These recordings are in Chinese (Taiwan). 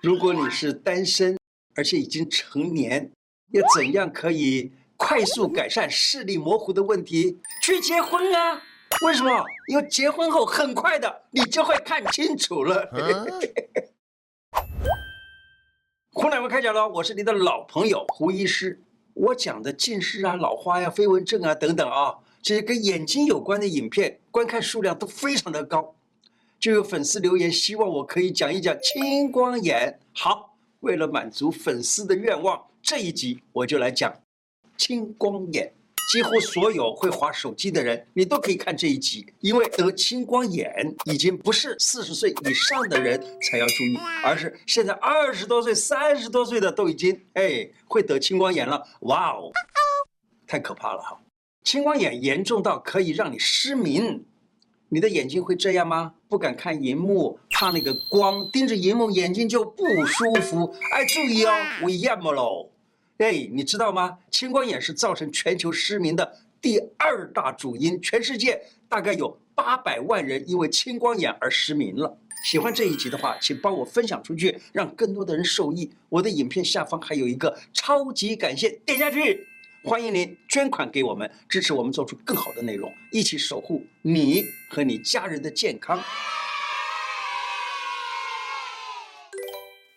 如果你是單身，而且已經成年，要怎樣可以快速改善視力模糊的問題？去結婚啊！為什麼？因為結婚後很快的，你就會看清楚了。 啊、胡乃文開講了，我是你的老朋友胡醫師。我講的近視啊、老花呀、啊、飛蚊症啊等等啊，這些跟眼睛有關的影片觀看數量都非常的高。就有粉絲留言，希望我可以講一講青光眼。好，為了滿足粉絲的願望，這一集我就來講青光眼。幾乎所有會滑手機的人，你都可以看這一集，因為得青光眼已經不是四十歲以上的人才要注意，而是現在二十多歲、三十多歲的都已經哎會得青光眼了。哇哦，太可怕了哈！青光眼嚴重到可以讓你失明。你的眼睛會這樣嗎？不敢看熒幕，怕那個光，盯着熒幕眼睛就不舒服。哎，注意哦，我眼麼嘍。哎，你知道嗎？青光眼是造成全球失明的第二大主因，全世界大概有八百萬人因為青光眼而失明了。喜歡這一集的話，請幫我分享出去，讓更多的人受益。我的影片下方還有一個超級感謝，點下去。歡迎您捐款給我們，支持我們做出更好的內容，一起守護你和你家人的健康。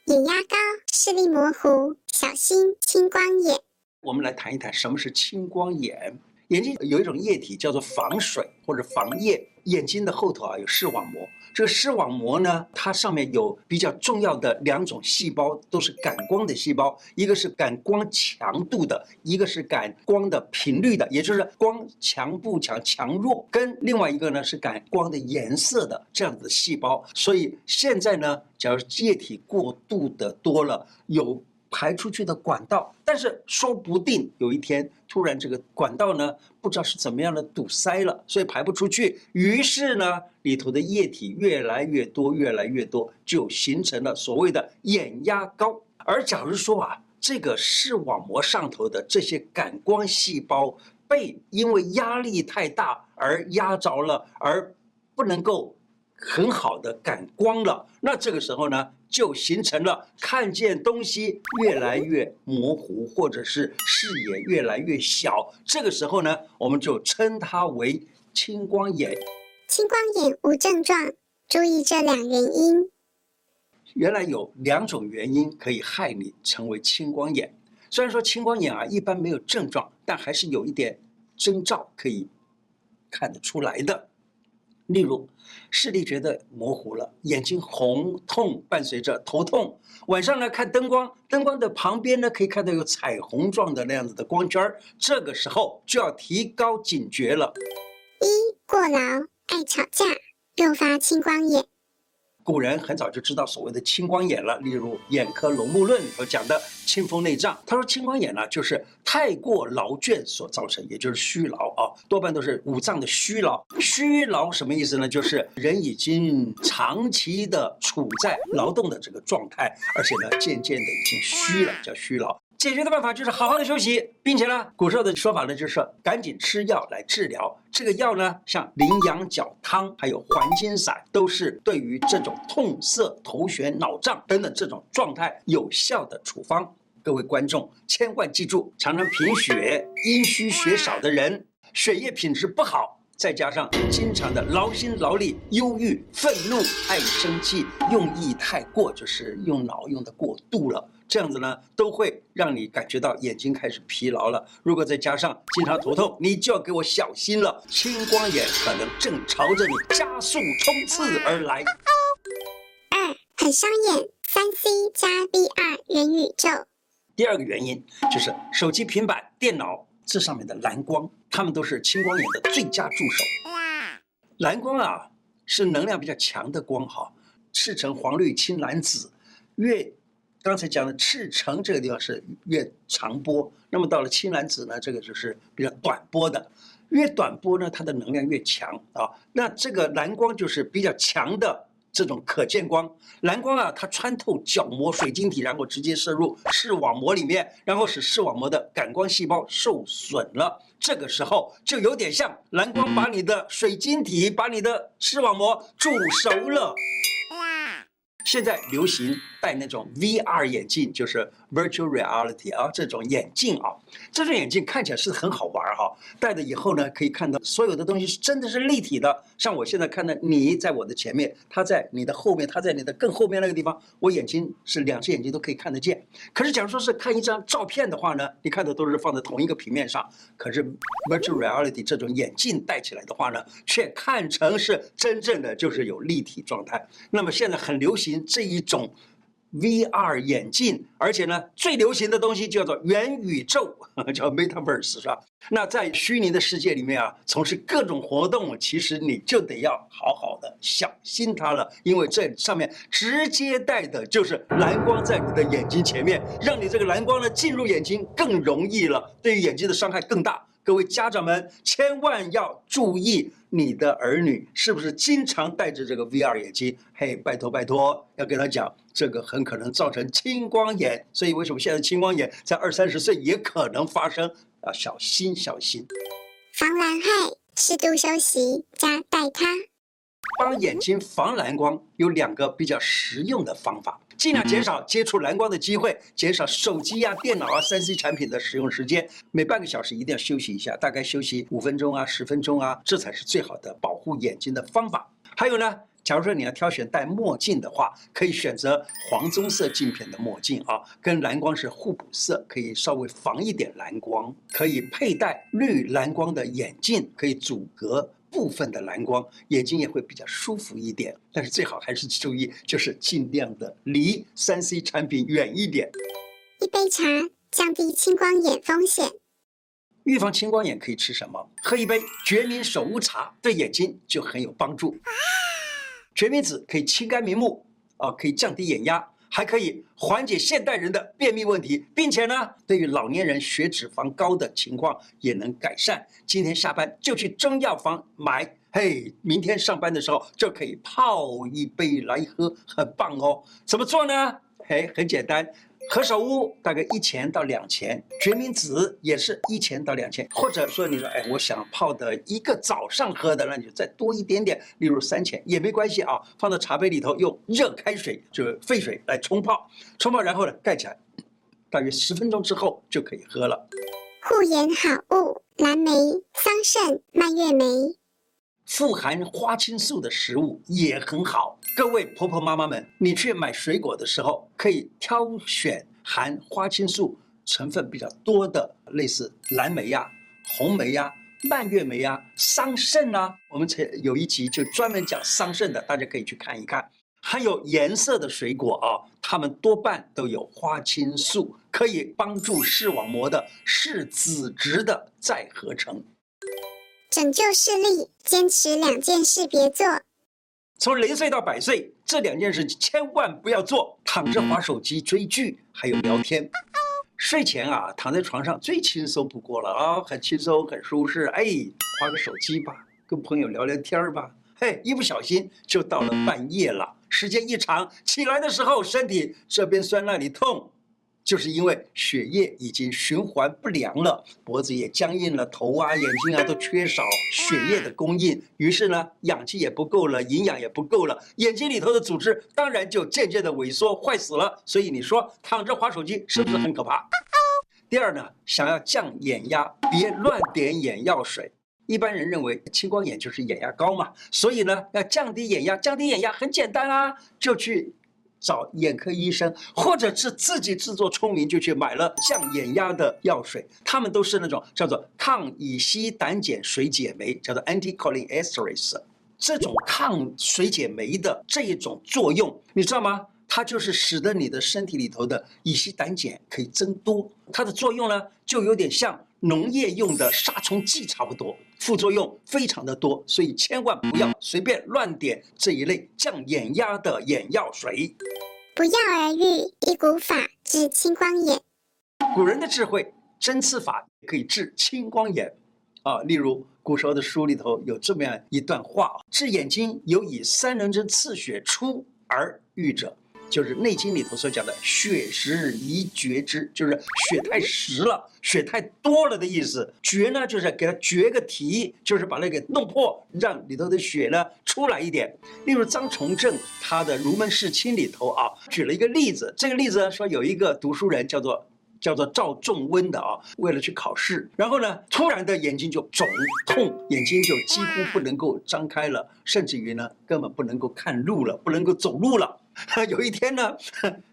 眼壓高，視力模糊，小心青光眼。我們來談一談什麼是青光眼。眼睛有一種液體叫做房水或者房液。眼睛的後頭啊有視網膜，這個視網膜呢，它上面有比較重要的兩種細胞，都是感光的細胞，一個是感光強度的，一個是感光的頻率的，也就是光強不強、強弱；跟另外一個呢是感光的顏色的這樣子細胞。所以現在呢，假如液體過度的多了，有排出去的管道，但是說不定有一天突然這個管道呢，不知道是怎麼樣的堵塞了，所以排不出去。於是呢，裡頭的液體越來越多，越來越多，就形成了所謂的眼壓高。而假如說啊，這個視網膜上頭的這些感光細胞被因為壓力太大而壓着了，而不能夠很好的感光了，那這個時候呢，就形成了看見東西越來越模糊，或者是視野越來越小。這個時候呢，我們就稱它為青光眼。青光眼無症狀，注意這兩原因。原來有兩種原因可以害你成為青光眼。雖然說青光眼啊一般沒有症狀，但還是有一點徵兆可以看得出來的。例如，視力覺得模糊了，眼睛紅痛，伴隨着頭痛。晚上呢，看燈光，燈光的旁邊呢，可以看到有彩虹狀的那樣子的光圈兒。這個時候就要提高警覺了。一過勞、愛吵架，誘發青光眼。古人很早就知道所謂的青光眼了，例如《眼科龍木論》裡頭講的“青風內障”。他說，青光眼呢、啊，就是太過勞倦所造成，也就是虛勞啊，多半都是五臟的虛勞。虛勞什麼意思呢？就是人已經長期的處在勞動的這個狀態，而且呢，漸漸的已經虛了，叫虛勞。解決的辦法就是好好的休息，並且呢，古時候的說法呢，就是趕緊吃藥來治療。這個藥呢，像羚羊角湯，還有還金散，都是對於這種痛澀、頭眩、腦脹等等這種狀態有效的處方。各位觀眾，千萬記住，常常貧血、陰虛血少的人，血液品質不好，再加上經常的勞心勞力、憂鬱、憤怒、愛生氣、用意太過，就是用腦用的過度了。這樣子呢，都會讓你感覺到眼睛開始疲勞了。如果再加上經常頭痛，你就要給我小心了。青光眼可能正朝着你加速衝刺而來。Yeah. 二很傷眼，三 C 加 VR 元宇宙。第二個原因就是手機、平板、電腦這上面的藍光，它們都是青光眼的最佳助手。Yeah. 藍光啊，是能量比較強的光哈，赤橙黃綠青藍紫，越。剛才講的赤橙這個地方是越長波，那麼到了青藍紫呢，這個就是比較短波的。越短波呢，它的能量越強啊。那這個藍光就是比較強的這種可見光。藍光啊，它穿透角膜、水晶體，然後直接射入視網膜裡面，然後使視網膜的感光細胞受損了。這個時候就有點像藍光把你的水晶體、把你的視網膜煮熟了。現在流行戴那種 VR 眼鏡，就是 virtual reality 啊這種眼鏡啊，這種眼鏡看起來是很好玩兒哈，戴了以後呢，可以看到所有的東西是真的是立體的。像我現在看到你在我的前面，他在你的後面，他在你的更後面那個地方，我眼睛是兩只眼睛都可以看得見。可是假如說是看一張照片的話呢，你看的都是放在同一個平面上。可是 virtual reality 這種眼鏡戴起來的話呢，卻看成是真正的就是有立體狀態。那麼現在很流行。這一種 VR 眼鏡，而且呢，最流行的東西叫做元宇宙，哈哈，叫 Metaverse 是吧？那在虛擬的世界裡面啊，從事各種活動，其實你就得要好好的小心它了，因為這上面直接戴的就是藍光，在你的眼睛前面，讓你這個藍光呢，進入眼睛更容易了，對於眼睛的傷害更大。各位家長們，千萬要注意。你的兒女是不是經常戴着這個 VR 眼鏡？嘿，hey，拜托拜托，要跟他講，這個很可能造成青光眼，所以為什麼現在青光眼在二三十歲也可能發生？要小心小心，小心防藍害，適度休息加戴它，幫眼睛防藍光有兩個比較實用的方法。盡量減少接觸藍光的機會，減少手機啊、電腦啊、3C 產品的使用時間。每半個小時一定要休息一下，大概休息五分鐘啊、十分鐘啊，這才是最好的保護眼睛的方法。還有呢，假如說你要挑選戴墨鏡的話，可以選擇黃棕色鏡片的墨鏡啊，跟藍光是互補色，可以稍微防一點藍光。可以佩戴濾藍光的眼鏡，可以阻隔部分的藍光，眼睛也會比較舒服一點。但是最好還是注意，就是盡量的離三 C 產品遠一點。一杯茶降低青光眼風險。預防青光眼可以吃什麼？喝一杯決明首烏茶對眼睛就很有幫助。決明子可以清肝明目，啊、呃，可以降低眼壓。還可以緩解現代人的便秘問題，並且呢，對於老年人血脂肪高的情況也能改善。今天下班就去中藥房買，嘿，明天上班的時候就可以泡一杯來喝，很棒哦。怎麼做呢？哎，很簡單。何首烏大概一錢到兩錢，決明子也是一錢到兩錢，或者說你說，哎，我想泡的一個早上喝的，那你就再多一點點，例如三錢也沒關係啊，放到茶杯裡頭，用熱開水，就是沸水來沖泡，沖泡然後呢蓋起來，大約十分鐘之後就可以喝了。護眼好物：藍莓、桑葚、蔓越莓。富含花青素的食物也很好，各位婆婆媽媽們，你去買水果的時候可以挑選含花青素成分比較多的，類似藍莓呀、啊、紅莓呀、啊、蔓越莓呀、啊、桑葚啊。我們前有一集就專門講桑葚的，大家可以去看一看。還有顏色的水果啊，它們多半都有花青素，可以幫助視網膜的視紫質的再合成。拯救視力，堅持兩件事別做。從零歲到百歲，這兩件事千萬不要做：躺着滑手機、追劇，還有聊天。睡前啊，躺在床上最輕鬆不過了啊、哦，很輕鬆，很舒適。哎，滑個手機吧，跟朋友聊聊天兒吧。嘿，一不小心就到了半夜了，時間一長，起來的時候身體這邊酸那裡痛。就是因為血液已經循環不良了，脖子也僵硬了，頭啊、眼睛啊都缺少血液的供應，於是呢，氧氣也不夠了，營養也不夠了，眼睛裡頭的組織當然就漸漸的萎縮壞死了。所以你說躺着滑手機是不是很可怕？第二呢，想要降眼壓，別亂點眼藥水。一般人認為青光眼就是眼壓高嘛，所以呢，要降低眼壓，降低眼壓很簡單啊，就去。找眼科醫生，或者是自己自作聰明就去買了降眼壓的藥水，他們都是那種叫做抗乙醯膽鹼水解酶，叫做 anti cholinesterase，這種抗水解酶的這一種作用，你知道嗎？它就是使得你的身體裡頭的乙醯膽鹼可以增多，它的作用呢，就有點像農業用的殺蟲劑差不多。副作用非常的多，所以千萬不要隨便亂點這一類降眼壓的眼藥水。不藥而癒，一古法治青光眼。古人的智慧，針刺法可以治青光眼啊。例如，古時候的書裡頭有這麼樣一段話啊：治眼睛有以三棱針刺血出而癒者。就是《內經》裡頭所講的“血實宜決之”，就是血太實了、血太多了的意思。決呢，就是給他決個題，就是把那個弄破，讓裡頭的血呢出來一點。例如張從正他的《儒門事親》裡頭啊，舉了一個例子。這個例子說有一個讀書人叫做叫做趙仲溫的啊，為了去考試，然後呢，突然的眼睛就腫痛，眼睛就幾乎不能夠張開了，甚至於呢，根本不能夠看路了，不能夠走路了。他有一天呢，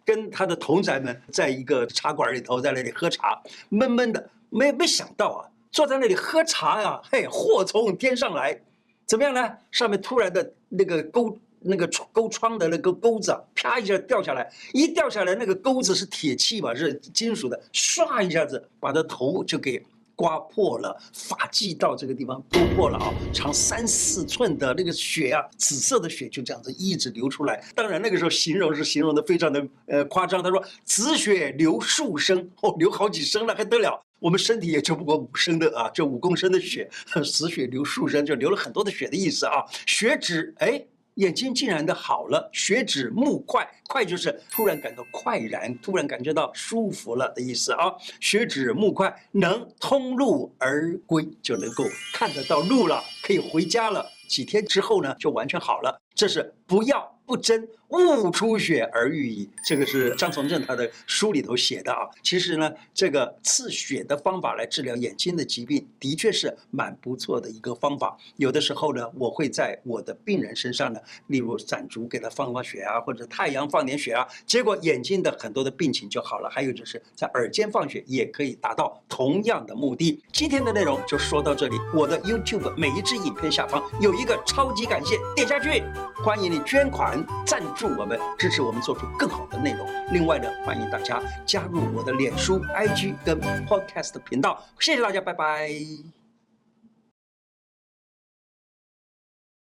跟他的同宅們在一個茶館裡頭，在那裡喝茶，悶悶的，沒沒想到啊，坐在那裡喝茶呀、啊，嘿，禍從天上來，怎麼樣呢？上面突然的那個鈎那個窗鈎窗的那個鈎子，啊，啪，一下掉下來，一掉下來，那個鈎子是鐵器吧，是金屬的，唰，一下子把他頭就給。刮破了髮際到這個地方，勾破了啊，長三四寸的那個血啊，紫色的血就這樣子一直流出來。當然那個時候形容是形容的非常的呃誇張，他說，紫血流數升。哦，流好幾升了還得了？我們身體也就不過五升的啊，就五公升的血，紫血流數升就流了很多的血的意思啊，血止，哎。眼睛竟然的好了，血止目快，快就是突然感到快然，突然感覺到舒服了的意思啊。血止目快能通路而歸，就能夠看得到路了，可以回家了。幾天之後呢，就完全好了。這是不藥不針，勿出血而癒矣。這個是張從正他的書裡頭寫的啊。其實呢，這個刺血的方法來治療眼睛的疾病，的確是蠻不錯的一個方法。有的時候呢，我會在我的病人身上呢，例如攢竹給他放放血啊，或者太陽放點血啊，結果眼睛的很多的病情就好了。還有就是在耳尖放血也可以達到同樣的目的。今天的內容就說到這裡。我的 YouTube 每一支影片下方有一個超級感謝，點下去。歡迎你捐款贊助我們，支持我們做出更好的內容。另外呢，歡迎大家加入我的臉書、IG 跟 Podcast 頻道。謝謝大家，拜拜。